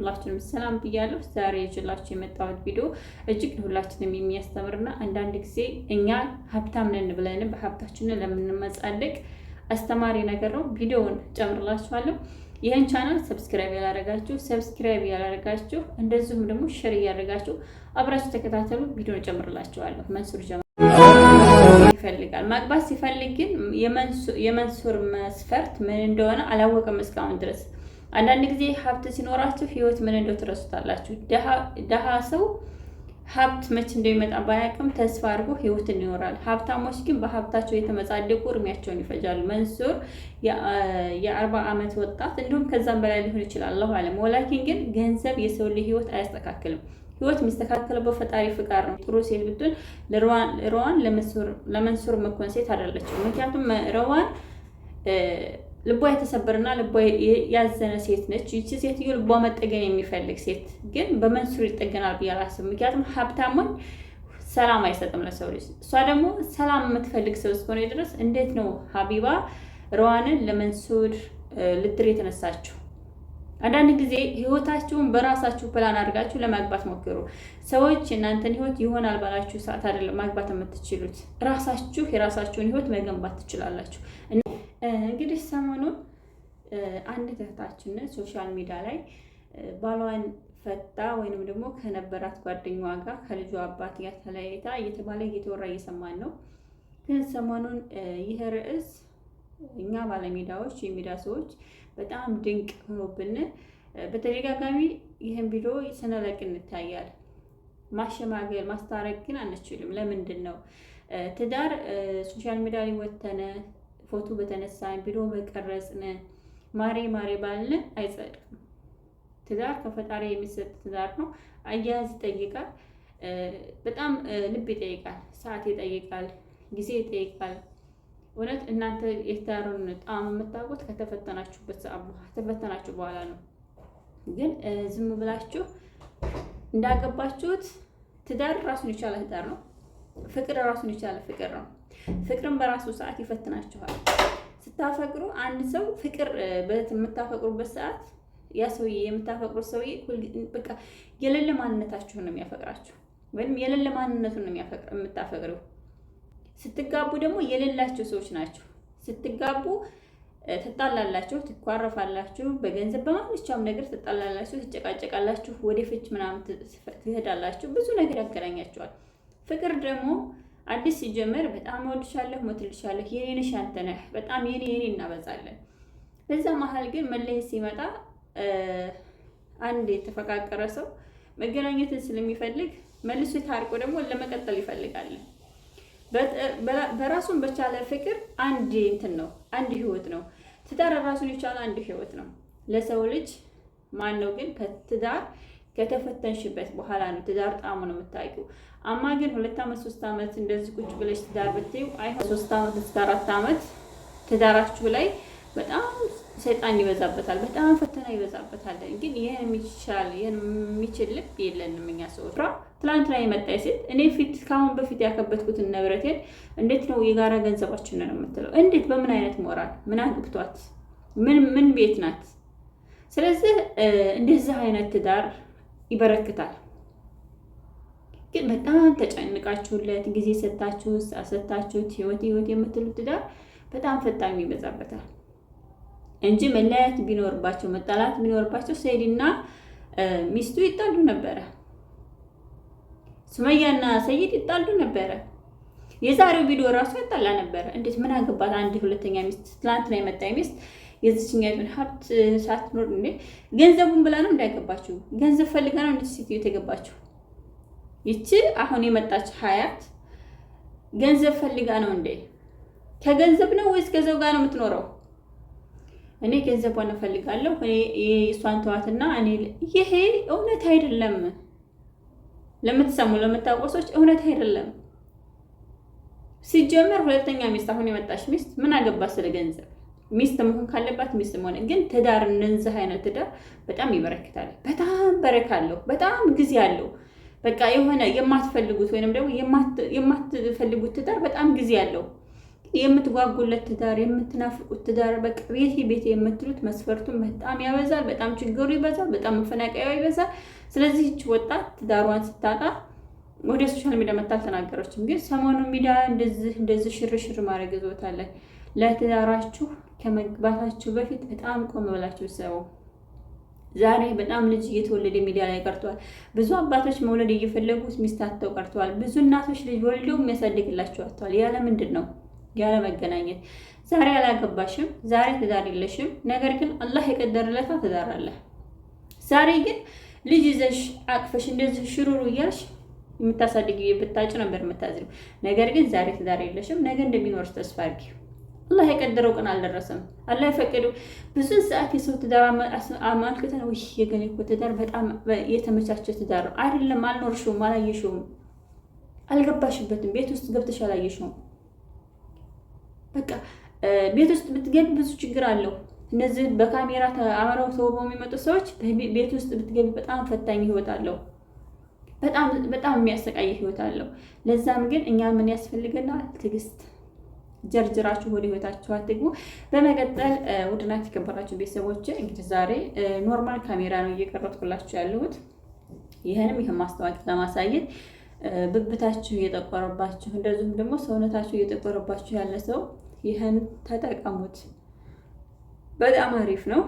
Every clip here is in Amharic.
ሁላችንም ሰላም ብያለሁ። ዛሬ ይዤላችሁ የመጣሁት ቪዲዮ እጅግ ሁላችንም የሚያስተምርና አንዳንድ ጊዜ እኛ ሀብታም ነን ብለን በሀብታችን ለምንመጻደቅ አስተማሪ ነገር ነው። ቪዲዮውን ጨምርላችኋለሁ። ይህን ቻናል ሰብስክራይብ ያላረጋችሁ ሰብስክራይብ ያላረጋችሁ፣ እንደዚሁም ደግሞ ሼር እያደረጋችሁ አብራችሁ ተከታተሉ። ቪዲዮን ጨምርላችኋለሁ። መንሱር ይፈልጋል ማግባት ሲፈልግ ግን የመንሱር መስፈርት ምን እንደሆነ አላወቀም እስካሁን ድረስ አንዳንድ ጊዜ ሀብት ሲኖራችሁ ህይወት ምን እንደው ትረሱታላችሁ። ደሃ ሰው ሀብት መቼ እንደሚመጣ ባያውቅም ተስፋ አድርጎ ህይወትን ይኖራል። ሀብታሞች ግን በሀብታቸው የተመጻደቁ እድሜያቸውን ይፈጃሉ። መንሱር የአርባ ዓመት ወጣት እንዲሁም ከዛም በላይ ሊሆን ይችላል። አላሁ አለም። ወላኪን ግን ገንዘብ የሰው ልጅ ህይወት አያስተካክልም። ህይወት የሚስተካከለው በፈጣሪ ፍቃድ ነው። ጥሩ ሴት ብትሆን ረዋን ለመንሱር መኮን ሴት አይደለችም። ምክንያቱም ረዋን ልቧ የተሰበረና ልቧ ያዘነ ሴት ነች። ይቺ ሴትዮ ልቧ መጠገን የሚፈልግ ሴት ግን በመንሱር ይጠገናል ብዬ አላስብም። ምክንያቱም ሀብታሙን ሰላም አይሰጥም ለሰው ልጅ። እሷ ደግሞ ሰላም የምትፈልግ ሰው እስከሆነ ድረስ እንዴት ነው ሀቢባ ረዋንን ለመንሱር ልትር የተነሳችው? አንዳንድ ጊዜ ህይወታችሁን በራሳችሁ ፕላን አድርጋችሁ ለማግባት ሞክሩ። ሰዎች እናንተን ህይወት ይሆናል ባላችሁ ሰዓት አይደለም ማግባት የምትችሉት። ራሳችሁ የራሳችሁን ህይወት መገንባት ትችላላችሁ። እንግዲህ ሰሞኑን አንድ እህታችን ሶሻል ሚዲያ ላይ ባሏን ፈታ ወይንም ደግሞ ከነበራት ጓደኛዋ ጋር ከልጇ አባት ጋር ተለያይታ እየተባለ እየተወራ እየሰማን ነው። ግን ሰሞኑን ይህ ርዕስ እኛ ባለሜዳዎች የሚዲያ ሰዎች በጣም ድንቅ ሆኖብን በተደጋጋሚ ይህን ቪዲዮ ስንለቅ እንታያል። ማሸማገል ማስታረቅ ግን አንችልም። ለምንድን ነው ትዳር ሶሻል ሚዲያ ሊወተነ ፎቶ በተነሳን ቪዲዮ በቀረጽን ማሬ ማሬ ባልን አይጸድቅም። ትዳር ከፈጣሪ የሚሰጥ ትዳር ነው። አያያዝ ይጠይቃል። በጣም ልብ ይጠይቃል። ሰዓት ይጠይቃል። ጊዜ ይጠይቃል። እውነት እናንተ የትዳሩን ጣም የምታውቁት ከተፈተናችሁበት ከተፈተናችሁ በኋላ ነው። ግን ዝም ብላችሁ እንዳገባችሁት ትዳር ራሱን የቻለ ትዳር ነው። ፍቅር ራሱን የቻለ ፍቅር ነው። ፍቅርን በራሱ ሰዓት ይፈትናችኋል። ስታፈቅሩ አንድ ሰው ፍቅር የምታፈቅሩበት ሰዓት ያ ሰውዬ የምታፈቅሩት ሰውዬ በቃ የሌለ ማንነታችሁን ነው የሚያፈቅራችሁ፣ ወይም የሌለ ማንነቱን ነው የምታፈቅረው። ስትጋቡ ደግሞ የሌላቸው ሰዎች ናቸው። ስትጋቡ ትጣላላችሁ፣ ትኳረፋላችሁ፣ በገንዘብ በማንኛውም ነገር ትጣላላችሁ፣ ትጨቃጨቃላችሁ፣ ወደ ፍች ምናምን ትሄዳላችሁ። ብዙ ነገር ያገናኛቸዋል። ፍቅር ደግሞ አዲስ ሲጀመር በጣም እወድሻለሁ፣ ሞትልሻለሁ፣ የኔ ነሽ፣ አንተ ነህ፣ በጣም የኔ የኔ እናበዛለን። በዛ መሀል ግን መለየት ሲመጣ አንድ የተፈቃቀረ ሰው መገናኘትን ስለሚፈልግ መልሶ የታርቆ ደግሞ ለመቀጠል ይፈልጋል። በራሱን በቻለ ፍቅር አንድ እንትን ነው፣ አንድ ህይወት ነው። ትዳር ራሱን የቻለ አንድ ህይወት ነው። ለሰው ልጅ ማን ነው ግን ከትዳር ከተፈተንሽበት በኋላ ነው ትዳር ጣሙ ነው የምታውቂው። አማ ግን ሁለት ዓመት ሶስት ዓመት እንደዚህ ቁጭ ብለሽ ትዳር ብትዩ አይሆን። ሶስት ዓመት እስከ አራት ዓመት ትዳራችሁ ላይ በጣም ሰይጣን ይበዛበታል፣ በጣም ፈተና ይበዛበታል። ግን ይህን የሚቻል ይህን የሚችል ልብ የለንም እኛ ሰዎች። ትላንት ላይ የመጣ ሴት እኔ ፊት ከአሁን በፊት ያከበትኩትን ንብረቴን እንዴት ነው የጋራ ገንዘባችን ነው የምትለው? እንዴት በምን አይነት ሞራል? ምን አግብቷት? ምን ምን ቤት ናት? ስለዚህ እንደዚህ አይነት ትዳር ይበረክታል። ግን በጣም ተጨንቃችሁለት ጊዜ ሰታችሁ አሰታችሁት ህይወት ህይወት የምትሉት ትዳር በጣም ፈጣን ይበዛበታል እንጂ መለያየት ቢኖርባቸው መጣላት ቢኖርባቸው ሰይድና ሚስቱ ይጣሉ ነበረ። ሱመያና ሰይድ ይጣሉ ነበረ። የዛሬው ቪዲዮ ራሱ ያጣላ ነበረ። እንዴት ምን አገባት አንድ ሁለተኛ ሚስት ትላንትና የመጣ ሚስት የዚችኛቱን ሀብት ሳትኖር እንዴ ገንዘቡን ብላ ነው እንዳይገባችሁ፣ ገንዘብ ፈልጋ ነው እንደ ሴትዮ የተገባችሁ። ይቺ አሁን የመጣች ሀያት ገንዘብ ፈልጋ ነው እንዴ? ከገንዘብ ነው ወይስ ገንዘብ ጋር ነው የምትኖረው? እኔ ገንዘቧን እፈልጋለሁ፣ እኔ እሷን ተዋትና እኔ ይሄ እውነት አይደለም። ለምትሰሙ ለምታውቁ ሰዎች እውነት አይደለም። ሲጀመር ሁለተኛ ሚስት አሁን የመጣች ሚስት ምን አገባ ስለ ገንዘብ? ሚስት መሆን ካለባት ሚስት መሆን ግን ትዳር እንደዚህ አይነት ትዳር በጣም ይበረክታል። በጣም በረካ አለው። በጣም ጊዜ አለው። በቃ የሆነ የማትፈልጉት ወይንም ደግሞ የማትፈልጉት ትዳር በጣም ጊዜ አለው። የምትጓጉለት ትዳር፣ የምትናፍቁት ትዳር፣ በቃ ቤቴ ቤቴ የምትሉት መስፈርቱን በጣም ያበዛል። በጣም ችግሩ ይበዛል። በጣም መፈናቀያ ይበዛል። ስለዚህ ወጣት ትዳሯን ስታጣ ወደ ሶሻል ሚዲያ መታ አልተናገረችም። ግን ሰሞኑ ሚዲያ እንደዚህ እንደዚህ ሽርሽር ማድረግ ዞታለን ለትዳራችሁ ከመግባታችሁ በፊት በጣም ቆም ብላችሁ ሰው ዛሬ በጣም ልጅ እየተወለደ ሚዲያ ላይ ቀርቷል። ብዙ አባቶች መውለድ እየፈለጉ ሚስት አጥተው ቀርተዋል። ብዙ እናቶች ልጅ ወልደው የሚያሳድግላቸው አጥተዋል። ያለ ምንድን ነው? ያለ መገናኘት። ዛሬ አላገባሽም፣ ዛሬ ትዳር የለሽም። ነገር ግን አላህ የቀደረለታ ትዳር አለ። ዛሬ ግን ልጅ ይዘሽ አቅፈሽ እንደዚህ ሽሩሩ እያልሽ የምታሳድግ ብታጭ ነበር የምታዝነው። ነገር ግን ዛሬ ትዳር የለሽም፣ ነገ እንደሚኖርሽ ተስፋ አድርጊ። አላህ የቀደረው ቀን አልደረሰም። አላህ የፈቀደው ብዙ ሰዓት የሰው ትዳር አመልክተን ውይ የገሌ እኮ ትዳር በጣም የተመቻቸ ትዳር አይደለም። አልኖርሽውም፣ አላየሽውም፣ አልገባሽበትም። ቤት ውስጥ ገብተሽ አላየሽውም። በቃ ቤት ውስጥ ብትገቢ ብዙ ችግር አለው። እነዚህ በካሜራ አምረው ተውበው የሚመጡ ሰዎች ቤት ውስጥ ብትገቢ በጣም ፈታኝ ህይወት አለው። በጣም የሚያሰቃይ ህይወት አለው። ለዛም ግን እኛ ምን ያስፈልገናል? ትዕግስት ጀርጅራችሁ ወደ ህይወታችሁ አትግቡ። በመቀጠል ውድና የተከበራችሁ ቤተሰቦች እንግዲህ ዛሬ ኖርማል ካሜራ ነው እየቀረጥኩላችሁ ያለሁት። ይህንም ይህን ማስታወቂያ ለማሳየት ብብታችሁ እየጠቆረባችሁ፣ እንደዚሁም ደግሞ ሰውነታችሁ እየጠቆረባችሁ ያለ ሰው ይህን ተጠቀሙት። በጣም አሪፍ ነው።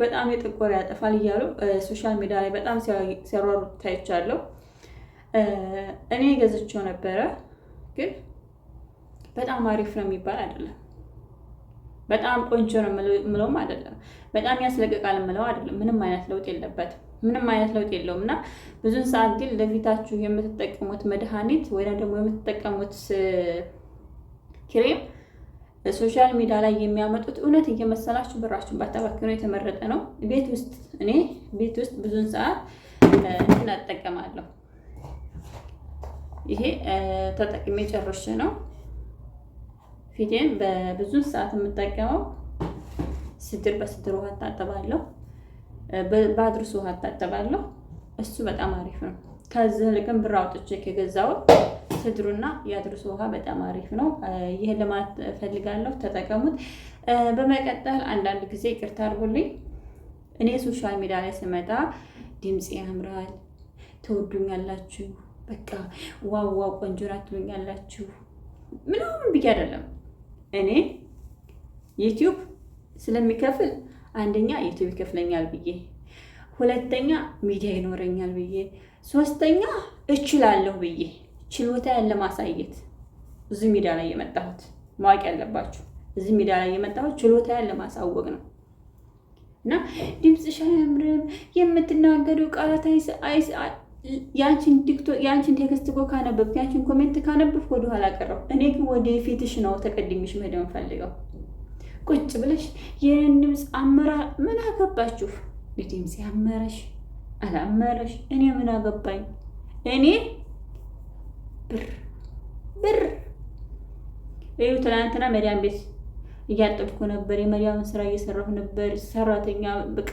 በጣም የጠቆረ ያጠፋል እያሉ ሶሻል ሚዲያ ላይ በጣም ሲያሯሩ ታይቻለሁ። እኔ ገዝቼው ነበረ ግን በጣም አሪፍ ነው የሚባል አይደለም። በጣም ቆንጆ ነው የምለውም አይደለም። በጣም ያስለቅቃል ምለው አይደለም። ምንም አይነት ለውጥ የለበትም። ምንም አይነት ለውጥ የለውም እና ብዙን ሰዓት ግን ለፊታችሁ የምትጠቀሙት መድኃኒት ወይም ደግሞ የምትጠቀሙት ክሬም ሶሻል ሚዲያ ላይ የሚያመጡት እውነት እየመሰላችሁ ብራችሁን ባታባክኑ የተመረጠ ነው። ቤት ውስጥ እኔ ቤት ውስጥ ብዙን ሰዓት እንትን እጠቀማለሁ። ይሄ ተጠቅሜ ጨርሼ ነው ፊቴን በብዙ ሰዓት የምጠቀመው ስድር በስድር ውሃ እታጠባለሁ፣ በአድርስ ውሃ እታጠባለሁ። እሱ በጣም አሪፍ ነው። ከዚህ ልቅም ብር አውጥቼ ከገዛሁት ስድሩና የአድርሱ ውሃ በጣም አሪፍ ነው። ይህ ልማት እፈልጋለሁ፣ ተጠቀሙት። በመቀጠል አንዳንድ ጊዜ ይቅርታ አድርጉልኝ፣ እኔ ሶሻል ሚዲያ ላይ ስመጣ ድምፅ ያምራል ትወዱኛላችሁ፣ በቃ ዋዋ ቆንጆ ናት ትሉኛላችሁ ምንም ብዬ አይደለም እኔ ዩቲዩብ ስለሚከፍል አንደኛ ዩቲዩብ ይከፍለኛል ብዬ፣ ሁለተኛ ሚዲያ ይኖረኛል ብዬ፣ ሶስተኛ እችላለሁ ብዬ ችሎታ ያለ ማሳየት እዚህ ሜዳ ላይ የመጣሁት ማወቅ ያለባችሁ እዚህ ሜዳ ላይ የመጣሁት ችሎታ ያለ ማሳወቅ ነው። እና ድምፅሽ አያምርም፣ የምትናገዱ ቃላት ያንቺን ቴክስት እኮ ካነበብኩ ያንቺን ኮሜንት ካነበብኩ ኋላ ቀረው። እኔ ግን ወደ ፊትሽ ነው ተቀድሚሽ መሄድ የምፈልገው። ቁጭ ብለሽ ይህን ድምፅ አመራ ምን አገባችሁ? ድምፅ ያመረሽ አላመረሽ እኔ ምን አገባኝ? እኔ ብር ብር ይኸው ትናንትና መድኃኒት ቤት እያጠብኩ ነበር፣ የመሪያምን ስራ እየሰራሁ ነበር። ሰራተኛ በቃ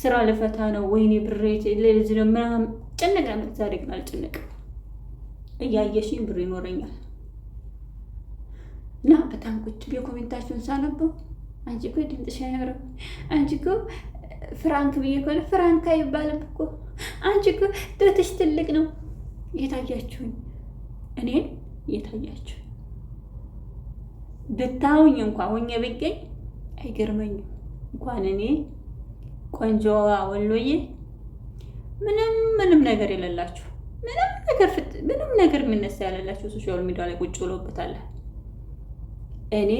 ስራ ልፈታ ነው። ወይኔ ብሬ ልጅ ነው ምናምን ጨነቀ። ዛሬ ግን አልጨነቅም። እያየሽኝ ብር ይኖረኛል እና በጣም ቁጭ ብዬ ኮሜንታችሁን ሳነበው አንቺ እኮ ድምፅሽ አይኖርም፣ አንቺ እኮ ፍራንክ ብዬ ከሆነ ፍራንክ አይባልም እኮ አንቺ እኮ ጡትሽ ትልቅ ነው። የታያችሁኝ እኔን የታያችሁ ብታውኝ እንኳ ሆኜ ብገኝ አይገርመኝም። እንኳን እኔ ቆንጆዋ ወሎዬ ምንም ምንም ነገር የሌላችሁ ምንም ነገር ምንም ነገር የሚነሳ ያለላችሁ ሶሻል ሚዲያ ላይ ቁጭ ብሎበታል። እኔ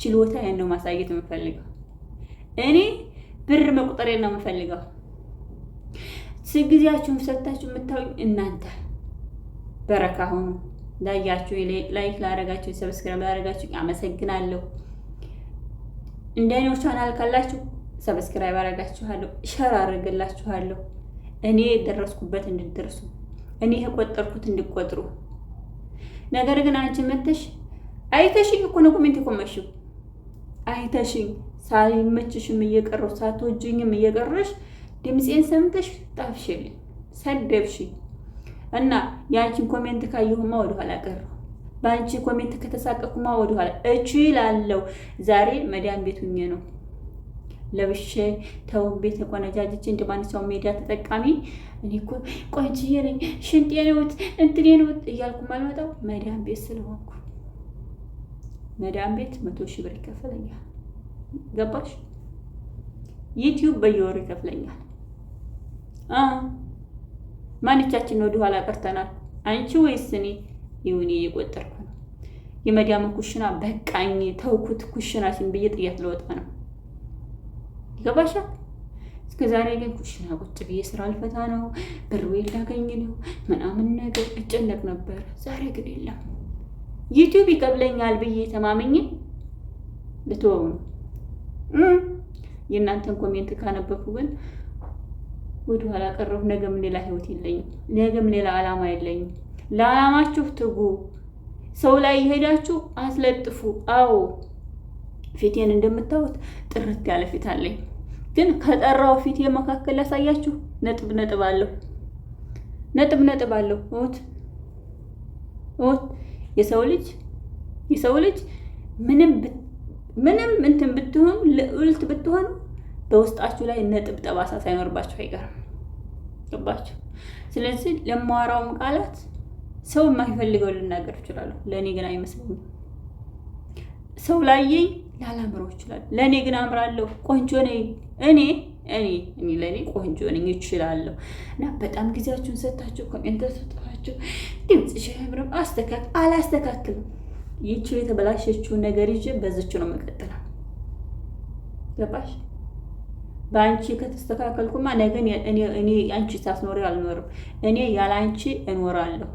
ችሎታ ነው ማሳየት የምፈልገው እኔ ብር መቁጠር ነው የምፈልገው። ስግዜያችሁም ሰጥታችሁ የምታዩኝ እናንተ በረካ ሆኑ። ላያችሁ፣ ላይክ ላረጋችሁ፣ ሰብስክራይብ ላረጋችሁ አመሰግናለሁ። እንደኔው ቻናል ካላችሁ ሰብስክራይብ አረጋችኋለሁ፣ ሸር አረግላችኋለሁ። እኔ የደረስኩበት እንድትደርሱ፣ እኔ የቆጠርኩት እንድቆጥሩ። ነገር ግን አንቺ መተሽ አይተሽኝ እኮ ነው ኮሜንት የኮመሽው አይተሽኝ ሳይመችሽም እየቀረሁ ሳትወጂኝም እየቀረሽ ድምፄን ሰምተሽ ጣፍሽልኝ፣ ሰደብሽኝ። እና የአንቺን ኮሜንት ካየሁማ ወደኋላ ቀረሁ። በአንቺ ኮሜንት ከተሳቀኩማ ወደኋላ እችላለሁ። ዛሬ መዳም ቤት ሁኜ ነው ለብሼ ተውን ቤት ቆነጃጅች እንደ ማንኛውም ሜዲያ ተጠቃሚ እኔ እኮ ቆንጅዬ ነኝ ሽንጤ ነውት እንትኔ ነውት እያልኩ ማልመጣው መዳም ቤት ስለሆንኩ መዳም ቤት መቶ ሺህ ብር ይከፍለኛል። ገባሽ? ዩቲዩብ በየወሩ ይከፍለኛል። ማንቻችን ወደ ኋላ ቀርተናል? አንቺ ወይስ እኔ? ይሁን እየቆጠርኩ ነው። የመዲያም ኩሽና በቃኝ ተውኩት፣ ኩሽናችን ብዬ ጥያት ለወጣ ነው። ይገባሻል? እስከ ዛሬ ግን ኩሽና ቁጭ ብዬ ስራ አልፈታ ነው፣ ብር ወይ ላገኝ ነው ምናምን ነገር እጨነቅ ነበር። ዛሬ ግን የለም። ዩቲዩብ ይቀብለኛል ብዬ ተማመኝ ልትወው ነው። የእናንተን ኮሜንት ካነበብኩ ግን ወደ ኋላ ቀረሁ፣ ነገም ሌላ ህይወት የለኝም፣ ነገም ሌላ አላማ የለኝም። ለአላማችሁ ትጉ። ሰው ላይ የሄዳችሁ አስለጥፉ። አዎ ፊቴን እንደምታዩት ጥርት ያለ ፊት አለኝ፣ ግን ከጠራው ፊቴ መካከል ላሳያችሁ ነጥብ ነጥብ አለሁ፣ ነጥብ ነጥብ አለሁ። እውት እውት የሰው ልጅ የሰው ልጅ ምንም ምንም እንትን ብትሆኑ ልዕልት ብትሆኑ በውስጣችሁ ላይ ነጥብ ጠባሳ ሳይኖርባችሁ አይቀርም። ገባቸው። ስለዚህ ለማወራውም ቃላት ሰው የማይፈልገው ልናገር ይችላሉ። ለእኔ ግን አይመስለኝም። ሰው ላየኝ ላላምረው ይችላል። ለእኔ ግን አምራለሁ። ቆንጆ ነኝ እኔ እኔ እኔ ለእኔ ቆንጆ ነኝ ይችላለሁ። እና በጣም ጊዜያችሁን ሰታችሁ ኮሜንት ሰጥታችሁ ድምፅሽ አያምርም አስተካክ አላስተካክልም። ይቺ የተበላሸችውን ነገር ይዤ በዝች ነው መቀጠላ ገባሽ? በአንቺ ከተስተካከልኩማ ነገ እኔ አንቺ ታስኖሪ አልኖርም። እኔ ያላንቺ እኖራለሁ።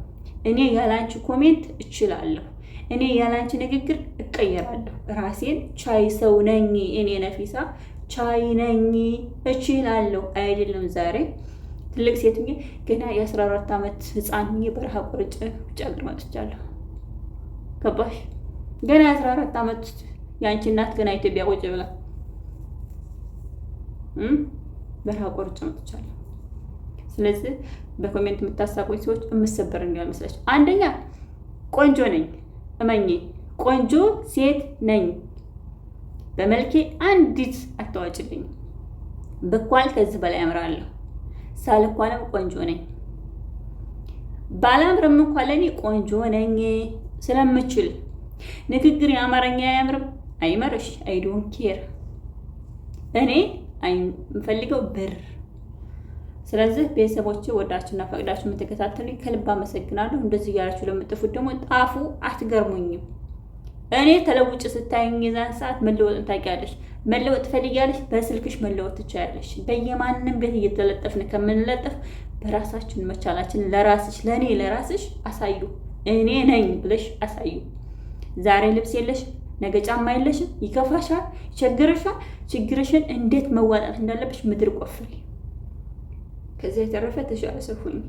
እኔ ያላንቺ ኮሜንት እችላለሁ። እኔ ያላንቺ ንግግር እቀየራለሁ። ራሴን ቻይ ሰው ነኝ። እኔ ነፊሳ ቻይ ነኝ፣ እችላለሁ። አይደለም ዛሬ ትልቅ ሴት ገና የ14 ዓመት ህፃን በረሃ ቁርጭ ውጭ አገር መጥቻለሁ። ገባሽ? ገና የ14 ዓመት የአንቺ እናት ገና ኢትዮጵያ ቁጭ ብላ በረሃ ቆርጬ መጥቻለሁ። ስለዚህ በኮሜንት የምታሳቁኝ ሰዎች የምሰበር እንዲያልመስላችሁ። አንደኛ ቆንጆ ነኝ፣ እመኝ ቆንጆ ሴት ነኝ። በመልኬ አንዲት አታዋጭልኝ። ብኳል ከዚህ በላይ አምራለሁ። ሳልኳለም ቆንጆ ነኝ። ባላምርም እንኳ ለእኔ ቆንጆ ነኝ ስለምችል ንግግር የአማርኛ አያምርም፣ አይመርሽ አይዶን ኬር እኔ የምፈልገው ብር። ስለዚህ ቤተሰቦች ወዳችሁና ፈቅዳችሁ የምትከታተሉ ከልብ አመሰግናለሁ። እንደዚህ እያላችሁ ለምጥፉት ደግሞ ጣፉ አትገርሙኝም። እኔ ተለውጭ ስታይኝ የዛን ሰዓት መለወጥን ታውቂያለሽ። መለወጥ ትፈልጊያለሽ፣ በስልክሽ መለወጥ ትችያለሽ። በየማንም ቤት እየተለጠፍን ከምንለጠፍ በራሳችን መቻላችን ለራስሽ ለእኔ ለራስሽ አሳዩ፣ እኔ ነኝ ብለሽ አሳዩ። ዛሬ ልብስ የለሽ ነገ ጫማ የለሽም፣ ይከፋሻል፣ ይቸግረሻል። ችግርሽን እንዴት መዋጣት እንዳለብሽ ምድር ቆፍል። ከዚያ የተረፈ ተሻለ ሰው ሁኚ።